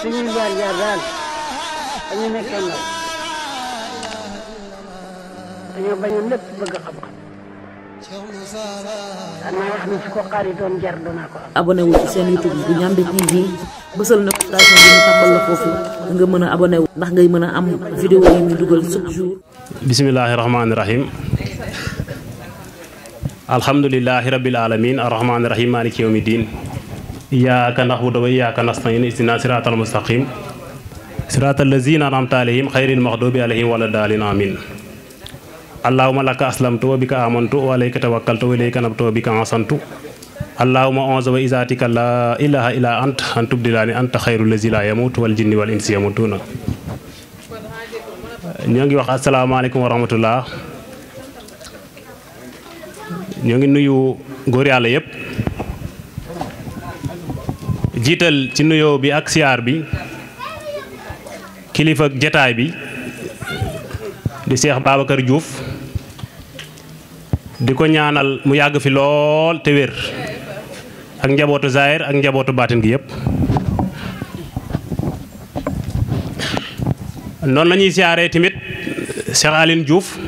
suñuy jaar jaar daal dañu seen YouTube bu Ndiamé TV bësal na ko station bi ñu tàmbal nga mën a abonné wu ndax ngay mën a am vidéo yi ñu dugal chaque jour. bismillaahi rahmaani rahiim. alhamdulillaahi rabbil aalamiin diin. iyyaka na'budu wa iyyaka nasta'in ihdina siratal mustaqim siratal lazina an'amta alayhim ghayril maghdubi alayhim waladdallin amin allahumma laka aslamtu wa bika amantu wa alayka tawakkaltu wa ilayka anabtu wa bika asantu allahumma onze wa izaatika la ilaha illa ant an tubdilaani anta xayru lazi la yamut wal jinni wal insi yamutuna ñoo ngi wax asalaamaaleykum wa rahmatullah ñoo ngi nuyu góor yàlla yépp jiital ci nuyoo bi ak siyaar bi kilifa jataay bi di Cheikh Babacar Diouf di ko ñaanal mu yàgg fi lool te ak njabootu Zahir ak njabootu baatin gi yëpp. noonu lañuy ñuy siyaaree tamit Cheikh Aline Diouf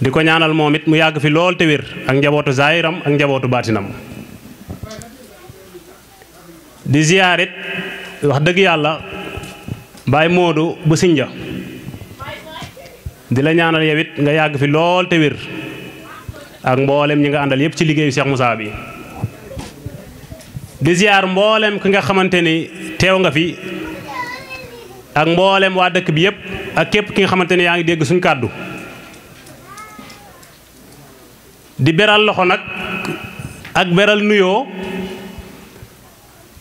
di ko ñaanal moom it mu yàgg fi lool te ak njabootu Zahiram ak njabootu baatinam. di ziyaarit wax dëgg yàlla Baay Moodu bu Sinja di la ñaanal yow nga yàgg fi lool te wér ak mboolem ñi nga àndal yépp ci liggéeyu Cheikh Moussa bi di ziyaar mboolem ki nga xamante ni teew nga fi ak mboolem waa dëkk bi yépp ak képp ki nga xamante ni yaa ngi dégg suñ kàddu di beral loxo nag ak beral nuyoo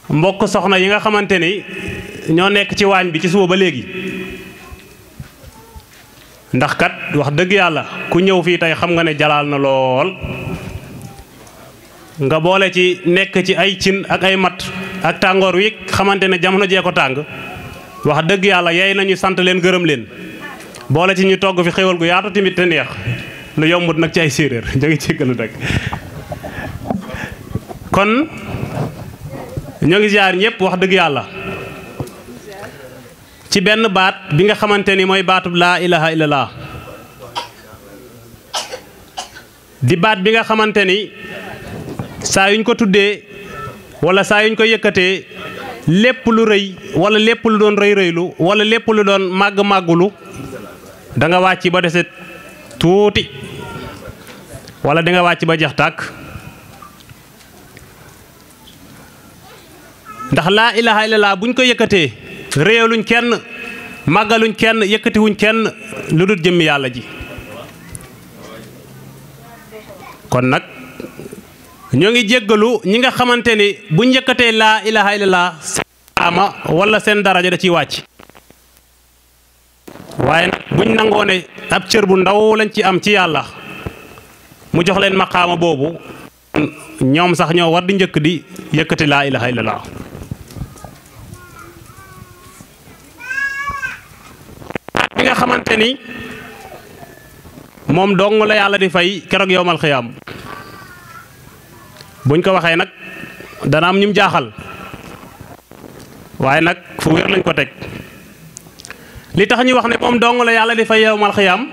mbokk soxna yi nga xamanteni ni nek ci wañ bi ci suba ba legi ndax kat wax deug yalla ku ñew fi tay xam nga ne jalal na lol nga boole ci nek ci ay cin ak ay mat ak tangor wi xamante ne jamono je ko tang wax deug yalla yey nañu sant len gëreem len boole ci ñu togg fi xewal gu yaatu timit te neex lu yomut nak ci ay jëg ci kon ñoo ngi ziar ñëpp wax dëgg yàlla ci benn baat bi nga xamante ni mooy baatub laa ilaha illallah di baat bi nga xamante ni saa yuñ ko tuddee wala saa yuñ ko yëkkatee lépp lu rëy walla lépp lu doon rëy rëylu wala lépp lu doon màgg màggulu danga wàcc ba dese tuuti wala danga wàcc ba jeex tàkk ndax laa ilaha illallah buñ ko yëkkatee réewaluñ kenn màggaluñ kenn yëkkatiwuñ kenn lu dul jëmmi yàlla ji kon nag ñoo ngi jéggalu ñi nga xamante ni bu njëkkatee laa ilaha illallah ama wala seen daraja da ciy wàcc waaye nag buñ nangoo ne ab cër bu ndaw lañ ci am ci yàlla mu jox leen maqaama boobu ñoom sax ñoo war di njëkk di yëkkati laa ilaha illallah bi nga xamanteni mom dong la yalla di fay keroog yowmal khiyam buñ ko nak da na am ñum jaaxal waaye nak fu wër lañ ko tek li tax ñu wax ne mom dong la yalla di fay yowmal khiyam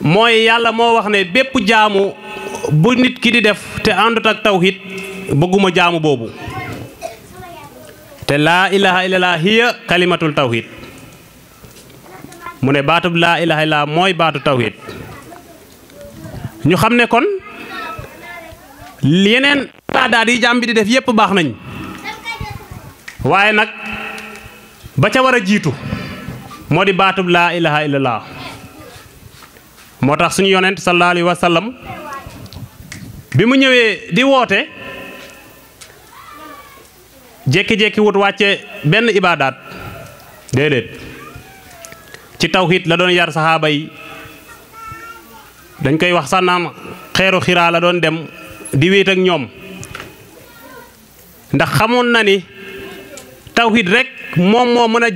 moy yalla mo wax ne bépp jaamu bu nit ki di def te andut ak tawhid bëgguma jaamu bobu te laa ilaha illallah hiya kalimatul tawhid mu ne baatub laa ilaha illaa mooy baatu tawhid ñu xam ne kon yeneen ibaadaat yi jàmm di def yépp baax nañ waaye nag ba ca war a jiitu moo di baatub laa ilaha illallah moo tax suñu yonent sallallahu alayhi wa sallam bi mu ñëwee di woote jékki-jékki wut wàcce benn ibaadaat déedéet ci tawxiit la doon yar saxaaba yi dañ koy wax sànnaam xeeru xiraa la doon dem di wiit ak ñoom ndax xamoon na ni tawxiit rek moom moo mën a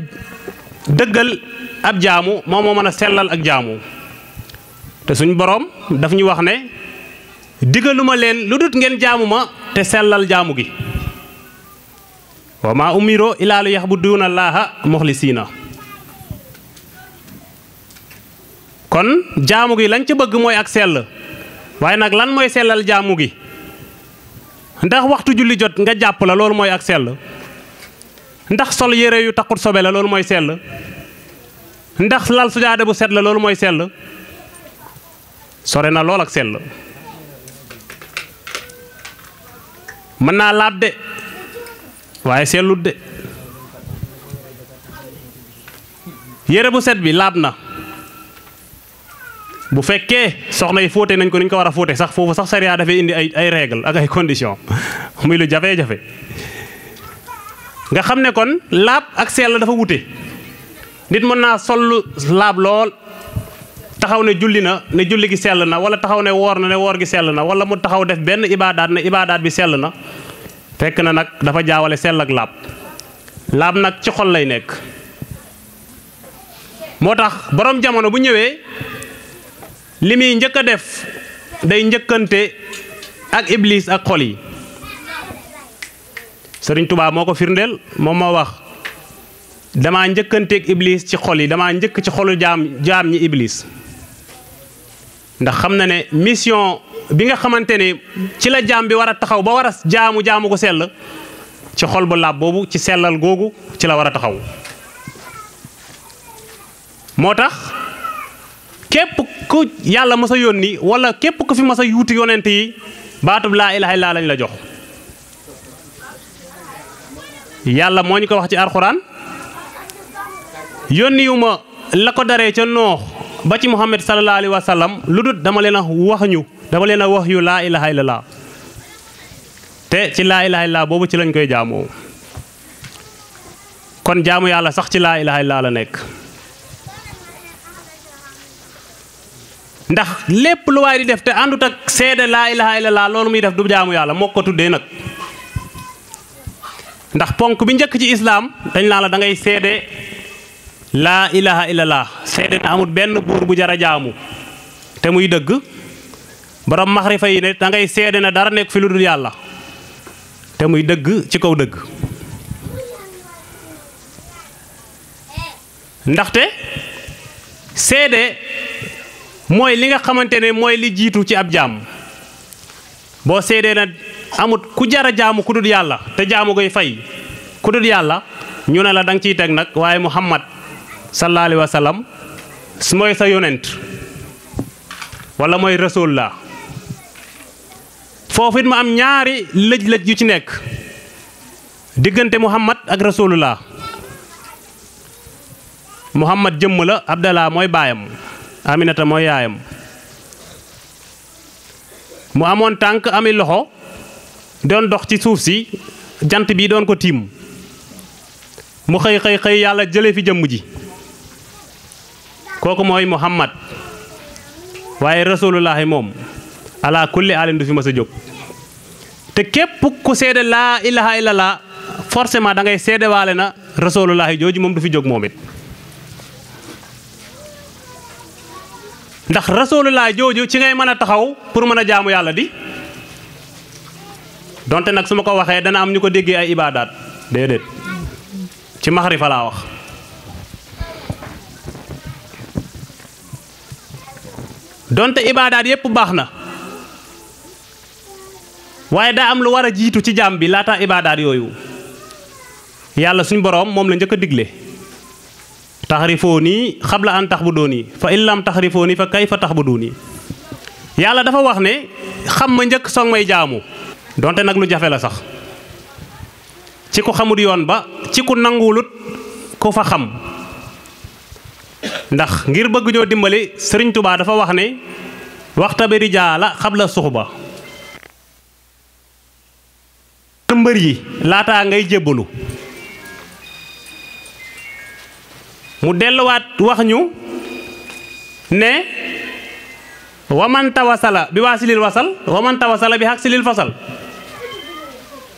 dëggal ab jaamu moom moo mën a sellal ak jaamu te suñ boroom daf ñu wax ne digaluma leen lu dut ngeen jaamu ma te sellal jaamu gi wa maa umiroo ilaa li yaxbuduuna allaaha moxlisiina kon jaamu gi lañ ci bëgg mooy ak sell waaye nag lan mooy sellal jaamu gi ndax waxtu julli jot nga jàpp la loolu mooy ak sell ndax sol yére yu takkut sobe la loolu mooy sell ndax lal sujaada bu set la loolu mooy sell sore na lool ak sell mën naa laab de waaye sellut de yére bu set bi laab na bu fekkee soxna yi fóote nañ ko ni ko war a fóote sax foofu sax sariya dafay indi ay ay ak ay condition muy lu jafe-jafe nga xam ne kon laab ak sell dafa wute nit mën naa sol laab lool taxaw ne julli na ne julli gi sell na wala taxaw ne woor na ne woor gi sell na wala mu taxaw def benn ibaadaat ne ibaadaat bi sell na fekk na nag dafa jaawale sell ak laab laab nag ci xol lay nekk moo tax borom jamono bu ñëwee li muy njëkk a def day njëkkante ak ibliis ak xol yi sëriñ tubaab moo ko firndeel moom moo wax damaa njëkkanteeg ibliis ci xol yi damaa njëkk ci xolu jaam jaam ñi iblis ndax xam na ne mission bi nga xamante ne ci la jaam bi war a taxaw ba war a jaamu jaamu ko sell ci xol bu laab boobu ci sellal googu ci la war a taxaw moo tax képp ku yàlla mas a yónni wala képp ku fi mas a yuuti yonent yi baatub laa ilaha illaa lañ la jox yàlla moo ñu ko wax ci alxuraan yónniwu ma la ko daree ca noox ba ci muhammad sallallahu alayhi wa lu dut dama leen a wax dama leen a wax yu laa ilaha illallah te ci laa ilaha illallah boobu ci lañ koy jaamoo kon jaamu yàlla sax ci laa ilaha illallah la nekk ndax lépp lu waay di def te àndut ak seede laa ilaha illallah loolu muy def du jaamu yàlla moo ko tuddee nag ndax ponk bi njëkk ci islaam dañ laa la da seede laa ilaha illallah seede na amul benn buur bu jara jaamu te muy dëgg borom maxrifa yi ne da seede na dara nekk fi lu dul yàlla te muy dëgg ci kaw dëgg ndaxte seede mooy li nga xamante ne mooy li jiitu ci ab jaam boo seedee na amut ku jara jaamu ku yàlla te jaamu koy fay ku yàlla ñu ne la da ciy teg nag waaye muhammad sallallahu alayhi wa sallam mooy sa yonent wala mooy rasulullah foofu it ma am ñaari lëj-lëj yu ci nekk diggante muhammad ak rasulullah muhammad jëmm la abdallah mooy baayam Aminata mooy yaayam mu amoon tànk ami loxo doon dox ci suuf si jant bii doon ko tiim mu xëy xëy xëy yàlla jële fi jëmm ji kooku mooy Muhammad waaye rasulullahi moom ala kulli alin du fi mës a jóg te képp ku seede laa ilaha illallah forcément da ngay seede waale na rasulullahi jooju moom du fi jóg moomit ndax rasulullah jooju ci ngay mën a taxaw pour mën a jaamu yàlla di donte nag su ma ko waxee dana am ñu ko déggee ay ibaadaat déedéet ci maxarifa laa wax donte ibaadaat yépp baax na waaye daa am lu war a jiitu ci jaam bi laata ibaadaat yooyu yàlla suñ boroom moom la njëkk a digle tahrifuni khabla an tahbuduni fa in lam taxrifooni fa kayfa tahbuduni yalla dafa wax ne xam ma njëkk soog may jaamu donte nak lu jafe la sax ci ko xamul yoon ba ci ku nangulut ko fa xam ndax ngir bëgg ñoo dimbali serigne touba dafa wax ne waxta bi rijala khabla suhba mbër yi ngay mu delluwaat wax ñu ne waman tawasala bi waa silil wasal waman tawasala bi xaq silil fasal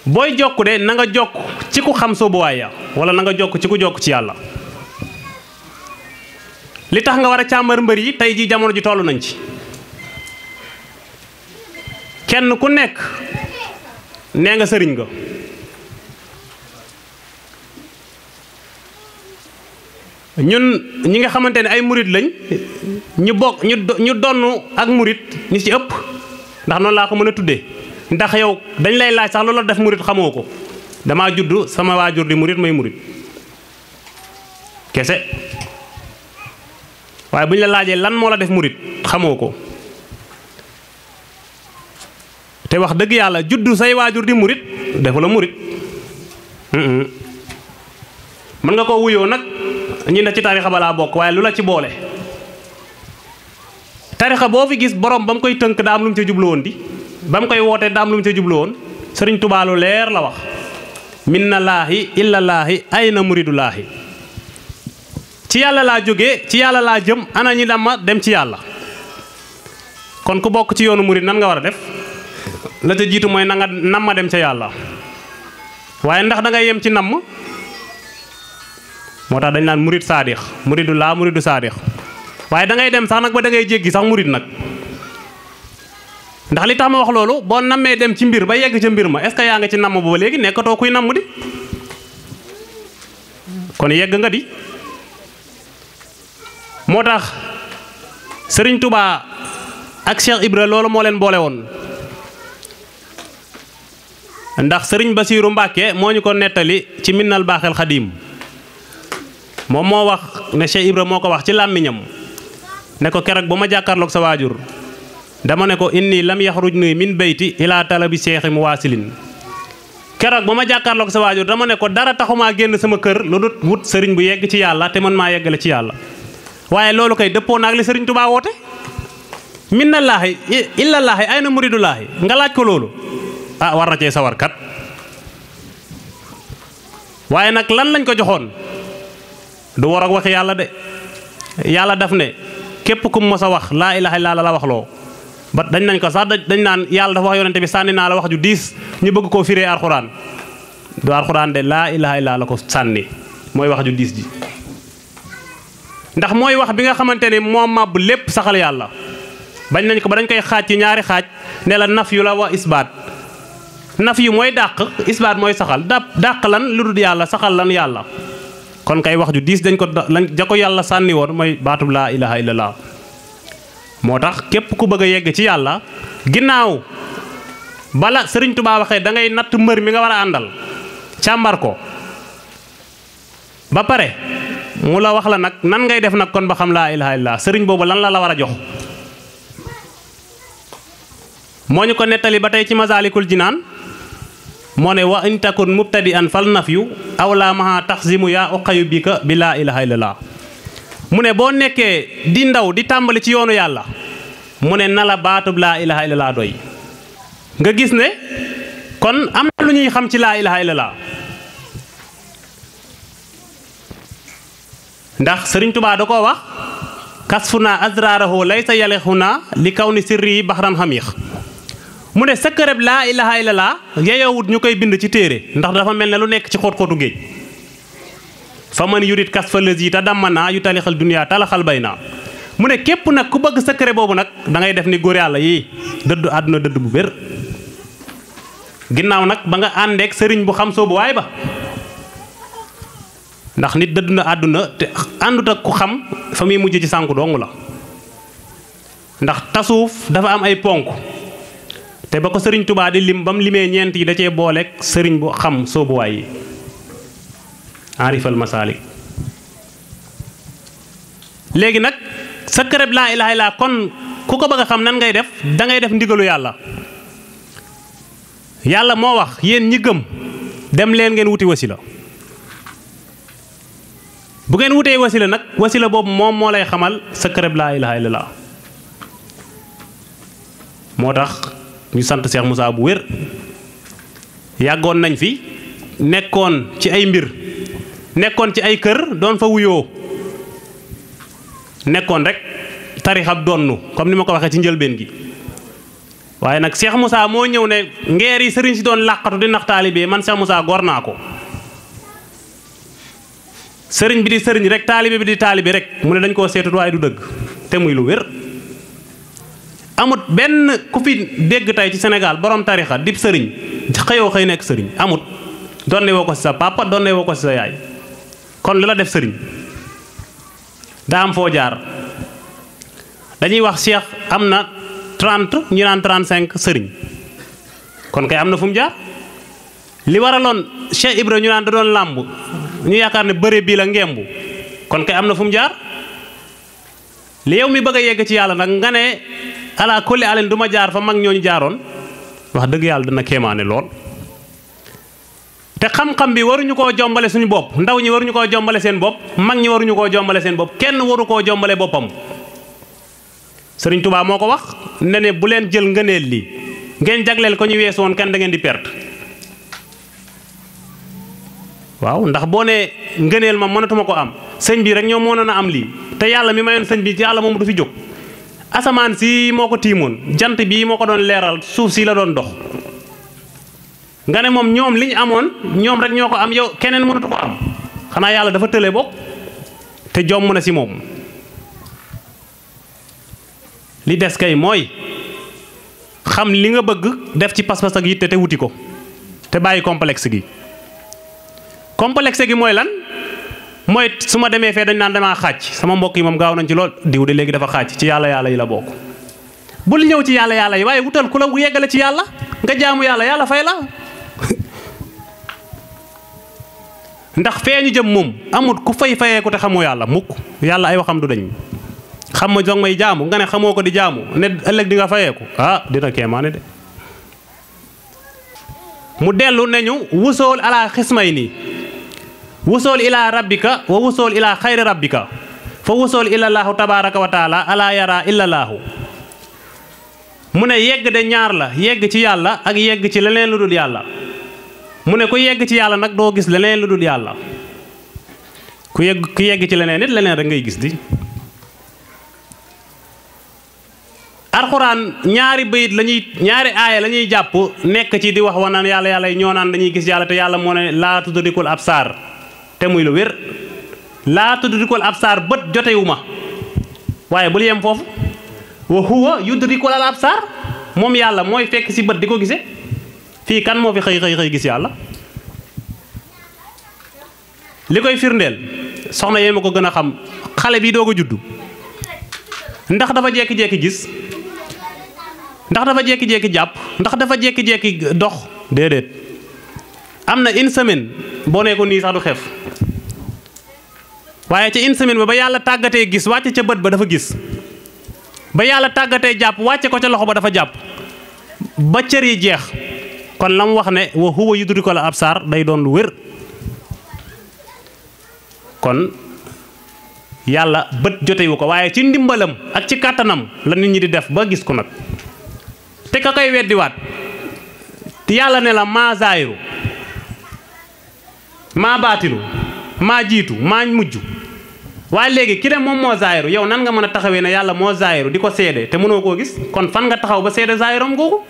booy jokk de na nga jokk ci ku xam soobuwaay ya wala na nga jokk ci ku jokk ci yàlla li tax nga war a càmbar mbër yi tey ji jamono ji toll nañ ci kenn ku nekk nee nga sëriñ nga ñun ñi nga xamante ne ay murit lañ ñu bokk ñu donn ak murit ñu ci ëpp ndax noonu laa ko mën a tuddee ndax yow dañ lay laaj sax loola def murit xamoo ko damaa judd sama waajur di murit may murit kese waaye bu la laajee lan moo la def murit xamoo ko te wax dëgg yàlla juddu say waajur di murit defu la murit mën nga koo wuyoo nag ñi ne ci tarixa balaa bokk waaye lu la ci boole tarixa boo fi gis borom ba mu koy tënk daa am ca jublu woon di ba mu koy woote daam lum ca jublu woon sëriñ Tuubaa leer la wax min na laahi illa laahi ay na muridu laahi ci yàlla laa jóge ci yàlla laa jëm ana ñi dama dem ci yàlla kon ku bokk ci yoonu murid nan nga war a def la ca jiitu mooy na nga nam ma dem ca yàlla waaye ndax da yem ci namm motax dañ nan murid saadix muridu la muridu saadix waye da ngay dem sax nak ba da ngay jéggi sax murid nak. ndax li tax ma wax lolu bo namé dem ci mbir ba yegg ci mbir ma est-ce ya nga ci namm ba léegi nekkatoo kuy nam di kon yegg nga di motax serigne touba ak Cheikh Ibra lolu mo len bolé won ndax serigne basirou mbake moñu ko netali ci minnal khadim moom moo wax ne Cheikh moo ko wax ci làmmiñam ne ko keroog ba ma jàkkaarloog sa waajur dama ne ko indi lam yaxruj nuy min bayti ilaa talabi seexi mu waasilin keroog ba ma jàkkaarloog sa waajur dama ne ko dara taxu taxumaa génn sama kër lu dut wut sëriñ bu yegg ci yàlla te mën maa yeggale ci yàlla waaye loolu kay dëppoo naag li sëriñ Tuubaa woote min na laaxi illa laaxi ay na muridu laaxi nga laaj ko loolu ah war na cee sawar kat waaye nag lan lañ ko joxoon du war ak waxi yàlla de yàlla daf ne képp ku mos a wax laa ilaha illa la wax loo ba dañ nañ ko sax dañ naan yàlla dafa wax yonente bi sànni naa la wax ju diis ñu bëgg koo firee alxuraan du alxuraan de laa ilaha illa la ko sànni mooy wax ju diis ji ndax mooy wax bi nga xamante ne moo màbb lépp saxal yàlla bañ nañ ko ba dañ koy xaaj ci ñaari xaaj ne la naf yu la wa isbaat naf yi mooy dàq isbaat mooy saxal dàq lan lu dul yàlla saxal lan yàlla kon kay wax ju diis dañ ko lañ ja ko yàlla sànni woon mooy baatub laa ilaha illallah moo tax képp ku bëgg a yegg ci yàlla ginnaaw bala sëriñ Tuubaa waxee da ngay natt mbër mi nga war a àndal càmbar ko ba pare mu la wax la nag nan ngay def nag kon ba xam laa ilaha illallah sëriñ boobu lan la la war a jox moo ñu ko nettali ba tey ci masaalikul jinaan من وإن تكون مبتدئا فالنفيو أو لا مها تخزيم يا أقيو بك بلا إله إلا الله من بونك دين داو دي تامبل تيونو يا الله من نلا باتو بلا إله إلا الله دوي نغيس نه كون أم لوني إله إلا الله ndax serigne touba dako wax kasfuna azraruhu laysa yalihuna likawni sirri bahran hamikh mu ne sakkarab laa ilaha illallah yeyoowut ñu koy bind ci téere ndax dafa mel ne lu nekk ci xóot-xóotu géej fa man yurit kas fa lës yi te damma naa yu talixal duniyaa talaxal bay naa mu ne képp nag ku bëgg secret boobu nag dangay def ni góor yàlla yii dëddu àdduna dëdd bu bér ginnaaw nag ba nga àndeek sëriñ bu xam bu waay ba ndax nit dëdd na àdduna te àndut ak ku xam fa muy mujj ci sànku dong la ndax tasuuf dafa am ay ponk te ba ko sëriñ tubaa di lim ba mu limee ñeent yi da cee booleeg sëriñ bu xam soobuwaay yi arifal masaalik léegi nag sa kërëb laa ilaha illa kon ku ko bëgg a xam nan ngay def dangay def ndigalu yàlla yàlla moo wax yéen ñi gëm dem leen ngeen wuti wasila bu ngeen wutee wasila nag wasila boobu moom moo lay xamal sa kërëb laa ilaha illa moo tax ñu sant Cheikh Moussa bu wér yàggoon nañ fi nekkoon ci ay mbir nekkoon ci ay kër doon fa wuyoo nekkoon rek tarixab donnu comme ni ma ko waxee ci njëlbeen gi waaye nag seex musaa moo ñëw ne ngeer yi sëriñ si doon làqatu di nax taalibe man Cheikh Moussa gor naa ko sëriñ bi di sëriñ rek taalibe bi di taalibe rek mu ne dañ koo seetut waaye du dëgg te muy lu wér amut ben ku fi deg tay ci senegal borom tarixa dip sëriñ xeyo xey nek sëriñ amut donné woko sa papa donné woko sa yaay kon lila def sëriñ da am fo jaar dañuy wax Cheikh amna 30 ñu nan 35 kon kay amna fum jaar li waralon Cheikh Ibra ñu nan da doon lamb ñu yaakaar ne bëre la ngembu kon kay amna fum jaar li yow mi bëgg yegg ci yalla nak nga alaa kulli alin du jaar fa mag ñooñu jaaroon wax dëgg yàlla dina kemaane lool te xam-xam bi waruñu koo jombale suñu bopp ndaw ñi waruñu koo jombale seen bopp mag ñi waruñu koo jombale seen bopp kenn waru koo jombale boppam sëriñ Tuubaa moo ko wax nene bu leen jël ngëneel lii ngeen jagleel ko ñu weesu woon kenn da ngeen di perte waaw ndax boo ne ngëneel ma mënatuma ko am sëñ bi rek moo mënoon a am lii te yàlla mi mayoon sëñ bi ci yàlla moom du fi jóg asamaan sii moo ko tiimoon jant bii moo ko doon leeral suuf si la doon dox nga ne moom ñoom li ñu amoon ñoom rek ñoo ko am yow keneen mënatu ko am xanaa yàlla dafa tële bokk te jomm na si moom li des kay mooy xam li nga bëgg def ci pas-pas ak yitte te wuti ko te bàyyi komplex gi complexe gi mooy lan mooy su ma demee fee dañ naan damaa xàcc sama mbokk yi moom gaaw nañ ci lool diw de léegi dafa xàcc ci yàlla yàlla yi la bokk bul ñëw ci yàlla yàlla yi waaye wutal ku la yeggale ci yàlla nga jaamu yàlla yàlla fay la ndax fee ñu jëm moom amul ku fay fayee ko te xamoo yàlla mukk yàlla ay waxam du dañ xam ma jog may jaamu nga ne xamoo ko di jaamu ne ëllëg di nga fayeeku ah dina kéemaane de mu dellu nañu wusool ala xismay nii wusool ilaa rabbika wa wusool ilaa xayri rabbika fa wusool ilallaahu tabaaraka wa taala alaa yaraa illallaahu mu ne yegg de ñaar la yegg ci yàlla ak yegg ci leneen lu dul yàlla mu ne ku yegg ci yàlla nag doo gis leneen lu dul yàlla ku yegg ku yegg ci leneen nit leneen rek ngay gis di alxuraan ñaari bayit la ñuy ñaari aaya la ñuy jàpp nekk ci di wax wa naan yàlla yàlla ñoo naan dañuy gis yàlla te yàlla moo ne laa tudrikul absaar te muy lu wér la tudrikul absar bët jotewu waye bu li yem fofu wa huwa yudrikul al absaar moom yàlla mooy fekk si bët di ko kan mo fi xey xey xey gis yalla likoy firndel soxna yema ko gëna xam xalé bi dogo juddu ndax dafa jek jek gis ndax dafa jek jek japp ndax dafa jek jek dox dedet am na une semaine boo nee ko nii sax du xef waaye ca une semaine ba ba yàlla tàggatee gis wàcce ca bët ba dafa gis ba yàlla tàggatee jàpp wàcce ko ca loxo ba dafa jàpp ba cër yi jeex kon la mu wax ne wa huwa ab saar day doon lu wér kon yàlla bët jotewu ko waaye ci ndimbalam ak ci kàttanam la nit ñi di def ba gis ko nag te ka koy weddiwaat yàlla ne la maasaayu maa baatinu maa jiitu maa mujj waaye léegi ki ne moom moo zaayiru yow nan nga mën a taxawee ne yàlla moo zaayiru di ko seede te mënoo koo gis kon fan nga taxaw ba seede zaayiram googu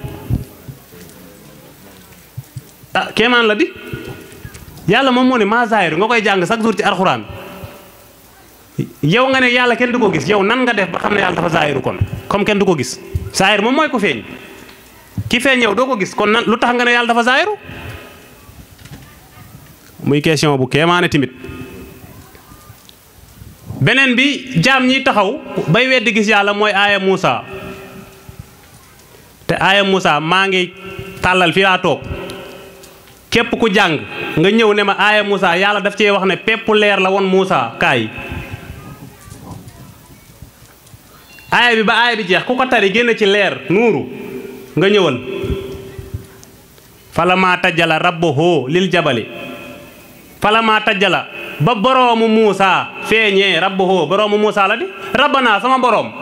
ah kéemaan la di yàlla moom moo ne maa zaayiru nga koy jàng chaque jour ci alxuraan yow nga ne yàlla kenn du ko gis yow nan nga def ba xam ne yàlla dafa zaayiru kon comme kenn du ko gis zaayir moom mooy ko feeñ ki feeñ yow doo ko gis kon lu tax nga ne yàlla dafa zaayiru muy question bu kéemaane tamit beneen bi jaam ñiy taxaw bay weddi gis yàlla mooy aaya Muusa te aaya Muusa maa ngi tàllal fi laa toog képp ku jàng nga ñëw ne ma aaya Muusa yàlla daf cee wax ne pepp leer la woon Muusa kaay aaya bi ba aaya bi jeex ku ko tari génn ci leer nuuru nga ñëwal falamaa tajala rabbuhu lil jabali ma tajjala ba borom musa feñe rabbuhu borom musa la di rabbana sama borom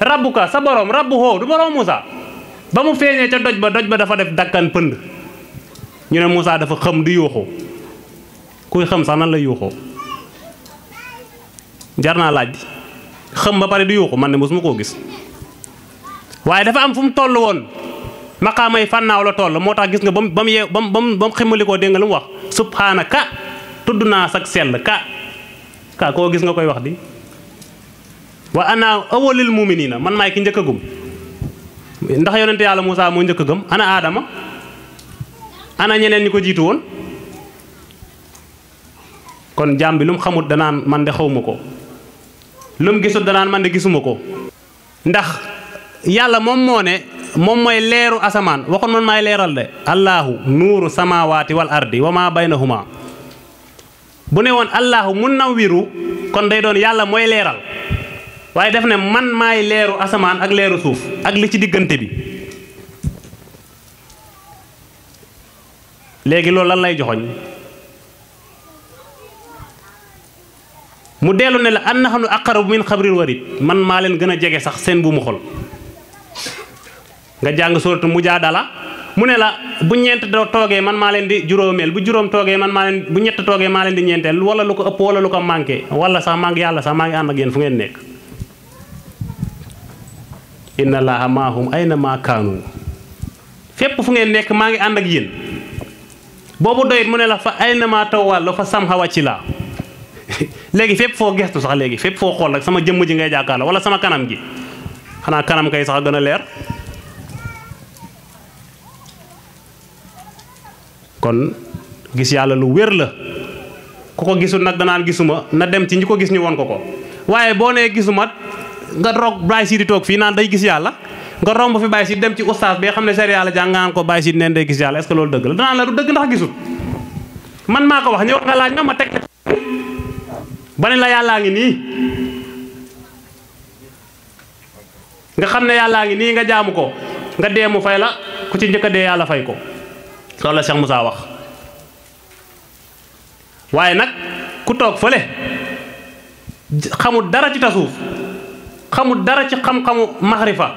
rabbuka sa borom rabbuhu du borom Musa ba mu feñe ca doj ba doj ba dafa def dakkan pend ñu ne Musa dafa xam du yuxu kuy xam sax nan la yuxu jarna laaj xam ba pare du yuxu man ne mosuma ko gis waye dafa am fum tollu won maqamay maqaamay la toll motax gis nga bam bam bam bam ba mu lu wax subhanaka tudd naa sag sell ka ka koo gis nga koy wax di wa ana nii na man maay ki njëkk a gëm ndax yonente yàlla Moussa moo njëkk a gëm ana aadama ñi ko jiitu woon kon jaam bi lu mu xamut man de xawma ko lu mu gisut danaan man de gisuma ko ndax yàlla moom moo ne moom mooy leeru asamaan waxoon man maay leeral de allahu nuuru samawaati wal ardi wa maa baynahuma bu ne woon allahu mun na wiru kon day doon yàlla mooy leeral waaye def ne man maay leeru asamaan ak leeru suuf ak li ci diggante bi léegi loolu lan lay joxoñ mu dellu ne la an na xam ne aqarabu min xabril warit man maa leen gën a jege sax seen bu xol nga jàng sóoratu mujaadala Munela ne la bu ñeent man ma leen di juromel bu jurom toge man ma leen bu ñett toge ma leen di ñentel wala lu ko ëpp wala lu ko wala sax mang yalla sax maa ak yeen fu ngeen nek inna ma hum aina ma kanu fu ngeen nek ngi ak yeen bobu doyit fa aina maa tawwàllu fa samha wàcci legi léegi fépp foo gestu sax legi fépp fo xol sama jëm ji ngay jàkkaarloo wala sama kanam ji xana kanam kay sax gëna leer kon gis yalla lu wér la kuko gisul nak da gisuma na dem ci ñi gis ñu won ko ko waaye boo nee gisuma nga rok Baye Sidi tok fi nan day gis yalla nga romb fi bay Sidi dem ci oustad be xamne ne yalla yàlla ko bay Sidi nende day gis yalla est-ce que loolu dëgg la danaan la du dëgg ndax gisul man mako wax ñëw nga laaj ma ma tek ba la yalla ngi ni nga xamne yalla ngi ni nga jaamu ko nga demu fay la ku ci fay ko loolu la Cheikh Moussa wax waaye nag ku toog fële xamul dara ci tasuuf xamul dara ci xam-xamu maxrifa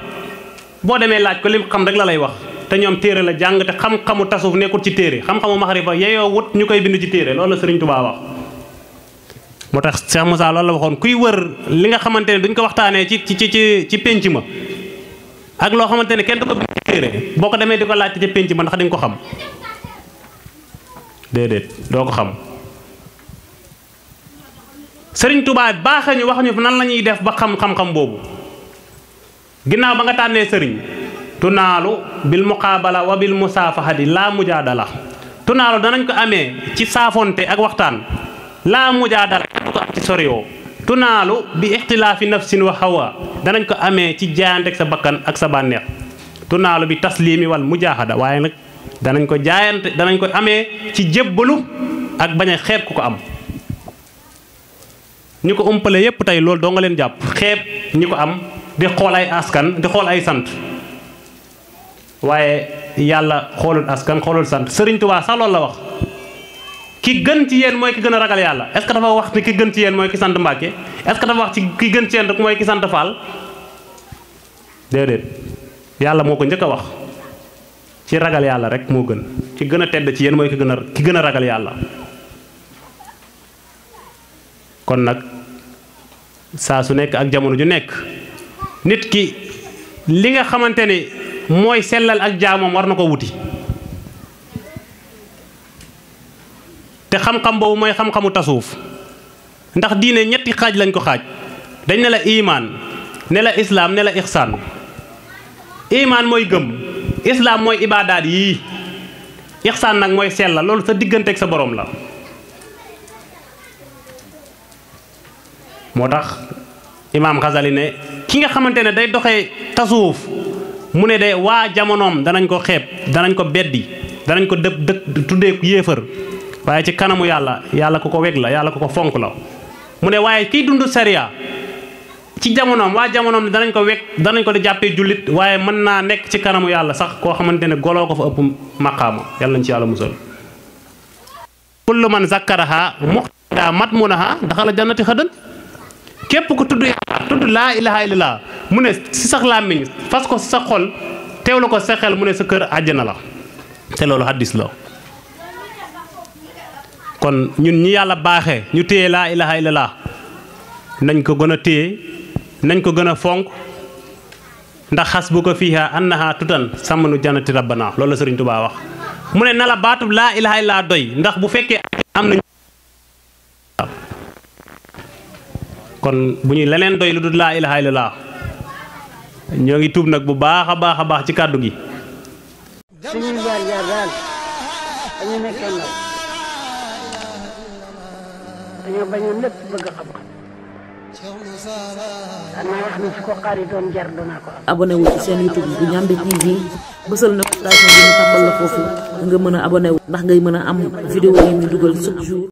boo demee laaj ko lim xam rek la lay wax te ñoom téere la jàng te xam-xamu tasuuf nekkul ci téere xam-xamu maxrifa yeyoo wut ñu koy bind ci téere loolu la Sëriñ Tuubaa wax moo tax Cheikh musaa loolu la waxoon kuy wër li nga xamante ne duñ ko waxtaanee ci ci ci ci pénc ma ak loo xamante ne kenn du ko bind téere boo ko demee di ko laaj ci pénc ma ndax di ko xam dedet do ko xam serigne touba baax ñu wax ñu nan lañuy def ba xam xam-xam bobu ginaaw ba nga tané serigne tunalu bil muqabala wa bil musaafahati laa mujaadala tunaalu danañ ko amé ci safonté ak waxtaan la mujadala ko ci soriyo tunalu bi ixtilaafi nafsin wa hawa danañ ko amé ci jaayante ak sa bakkan ak sa banex tunalu bi taslimi wal mujahada waye nak danañ ko jaayante danañ ko amee ci jébbalu ak bañ a ku ko am ñi ko umpale yépp tey loolu doo nga leen jàpp xeeb ñi ko am di xool ay askan di xool ay sant waaye yàlla xoolul askan xoolul sant Sëriñ Tuubaa sax loolu la wax ki gën ci yéen mooy ki gën a ragal yàlla est-ce que dafa wax ki gën ci yéen mooy ki sant Mbàkke est-ce que dafa wax ci ki gën ci yéen rek mooy ki sant Faal déedéet yàlla moo ko njëkk a wax ci ragal yàlla rek moo gën ci gën a tedd ci yéen mooy ki gën a gën ragal yàlla kon nag saa su nekk ak jamono ju nekk nit ki li nga xamante ne mooy sellal ak jaamoom war na ko wuti te xam-xam boobu mooy xam-xamu tasuuf ndax diine ñetti xaaj lañ ko xaaj dañ ne la imaan ne la islaam nela la ixsaan mooy gëm islaam mooy ibaadaat yii ixsaan nag mooy sell la loolu sa diggante ak sa borom la moo tax imaam Xasali ne ki nga xamante ne day doxe tasawuf mu ne de waa jamonoom danañ ko xeeb danañ ko beddi danañ ko dëpp dëkk tuddee yéefar waaye ci kanamu yàlla yàlla ko ko weg la yàlla ko ko fonk la mu ne waaye kiy dund sariya ci jamonoom waa jamonoom danañ ko wekk danañ ko di jàppee jullit waaye mën naa nekk ci kanamu yàlla sax koo xamante ne goloo ko fa ëpp maqaama yàlla nañ ci yàlla musal kullu man zakkaraha muxtada matmunaha daxala jannati xadan képp ku tudd yàlla tudd laa ilaha illallah mu ne si sax làmmiñ fas ko si sa xol teewlu ko sa mu ne sa kër àjjana la te loolu hadis la kon ñun ñi yàlla baaxee ñu téye laa ilaha illallah nañ ko gën a téye nañ ko gën a fonk ndax xas bu ko fiiha annaha tutan sàmmanu janati rabbana lool la sëriñ tubaa wax mu ne nala la baatub laa ilaha illaa doy ndax bu fekkee am nañ kon bu leneen doy lu dul laa ñoo ngi tuub nag bu baax a baax a baax ci kàddu gi suñuy jaar jaar daal abonné wu ci seen YouTube bu Ndiamé TV bësal notification bi ñu tàmbal la foofu nga mën a abonné wu ndax ngay mën a am vidéo yi ñu dugal chaque jour.